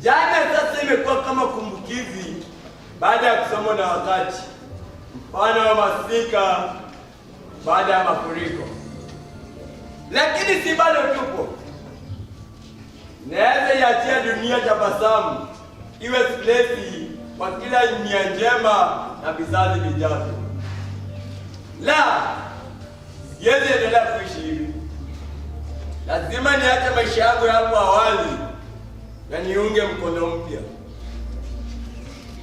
Jana sasa imekuwa kama kumbukizi baada ya kusomwa na wakati, mfano wa masika baada ya mafuriko. Lakini si bado tupo, naweza iachia dunia tabasamu iwe silesi kwa kila nia njema na vizazi vijavyo. La, siwezi endelea kuishi hivi, lazima niache maisha yangu hapo awali na niunge mkono mpya.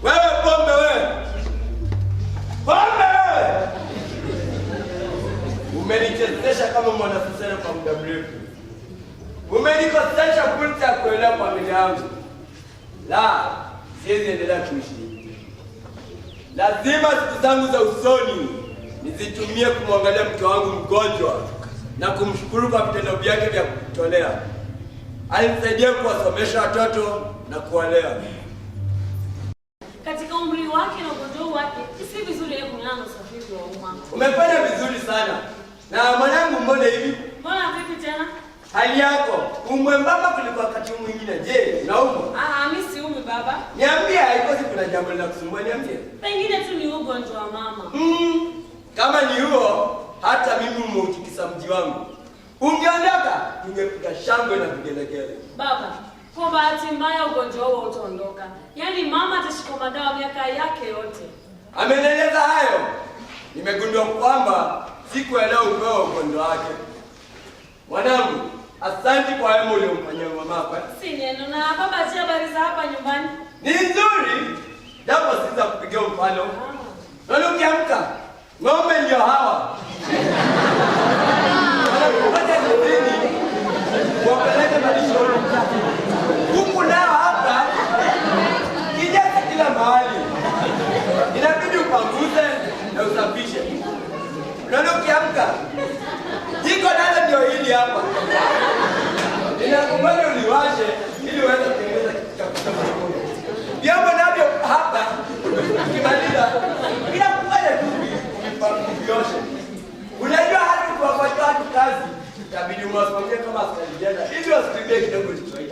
Wewe pombe, wewe pombe, umenichezesha kama mwanasesere kwa muda mrefu, umenikosesha fursa ya kuelewa familia yangu. La, siwezi endelea kuishi. Lazima siku zangu za usoni nizitumie kumwangalia mke wangu mgonjwa na kumshukuru kwa vitendo vyake vya kutolea alimsaidia kuwasomesha watoto na kuwalea. Katika umri wake na ugonjwa wake, si vizuri yeye kulala na usafiri wa umma. Umefanya vizuri sana. Na mwanangu, mbona hivi? Mbona vipi tena? Hali yako umwembamba kuliko wakati mwingine. Je, unaumwa? Ah, ah, mimi siumi baba. Niambie, haiko si kuna jambo linakusumbua, niambie. Pengine tu ni ugonjwa wa mama. Mm, kama ni huo, hata mimi umeutikisa mji wangu. Ungeondoka tungepiga shangwe na vigelegele. Baba, kwa bahati mbaya ugonjwa huo utaondoka, yaani mama atashika madawa miaka yake yote. Ameneleza hayo. Nimegundua kwamba siku ya leo upewa ugonjwa wake. Mwanangu, asante kwa wema uliomfanyia mama hapa. Si neno na baba, si habari za hapa nyumbani ni nzuri, japo si za kupigia mfano. Ah. ukiamka ng'ombe ndio hawa wapeleke malishoni huku nao hapa kijazi kila mahali, inabidi upanguze na usafishe. Unaona, ukiamka jiko nalo ndio hili hapa, inakumbana uliwashe ili uweze kazi itabidi mwasimamie kama askari vijana ili wasikimbie kidogo Kiswahili.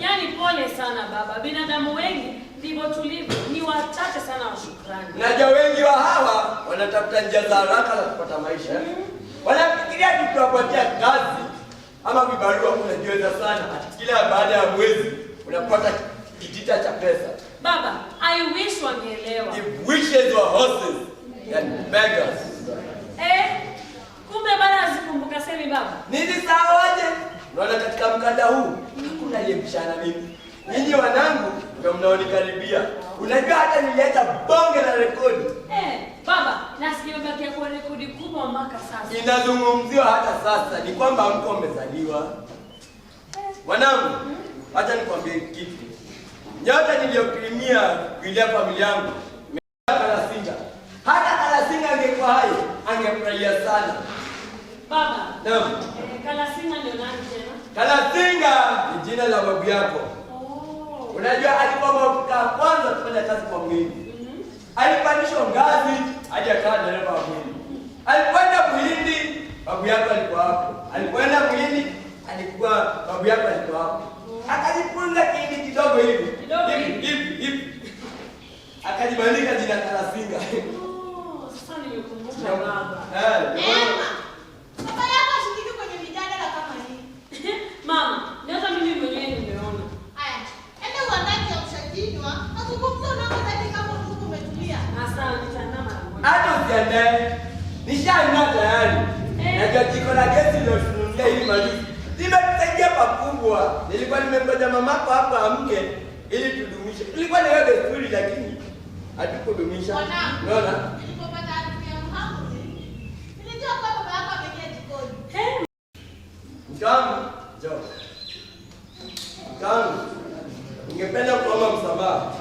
Yaani pole sana baba, binadamu wengi ndivyo tulivyo, ni wachache sana wa shukrani. Naja wengi wa hawa wanatafuta njia za haraka za kupata maisha mm -hmm. Wanafikiria tu tunapatia kazi ama vibarua unajiweza sana, kila baada ya mwezi unapata kitita cha pesa. Baba, I wish wangeelewa. If wishes were horses, then beggars baba. Nini sawaje? Unaona katika mkanda huu hakuna aliyepishana mimi. Nyinyi wanangu ndio mnaonikaribia. Unajua hata nileta bonge la rekodi. Eh, baba, nasikia umebakia kwa rekodi kubwa mpaka sasa. Inazungumziwa hata sasa ni kwamba mko mmezaliwa. Wanangu, acha nikwambie kitu. Nyota niliyokirimia kuilea familia yangu Kalasinga. Hata Kalasinga angekuwa hai, angefurahia sana. Baba, Naam. Kalasinga ndio nani tena? Kalasinga ni jina la babu yako. Oh. Unajua alikuwa babu wa kwanza kufanya kazi kwa mwili. Mhm. Alipandishwa ngazi hadi akawa dereva wa mwili. Alikwenda Buhindi, babu yako alikuwa hapo. Alikwenda Buhindi, alikuwa babu yako alikuwa hapo. Mm-hmm. Akajifunza kiingi kidogo hivi. Kidogo hivi hivi. Akajibandika jina Kalasinga. Eh, nishaenda tayari. Eh. Najua jiko la gesi ndio tunafungia hii mali. Nimekusaidia pakubwa. Nilikuwa nimengoja mamako hapa amke ili tudumishe. Nilikuwa niwe desturi lakini hatukudumisha. Unaona? Nilipopata harufu eh. njoo. Mtamu. Ningependa kuomba msamaha.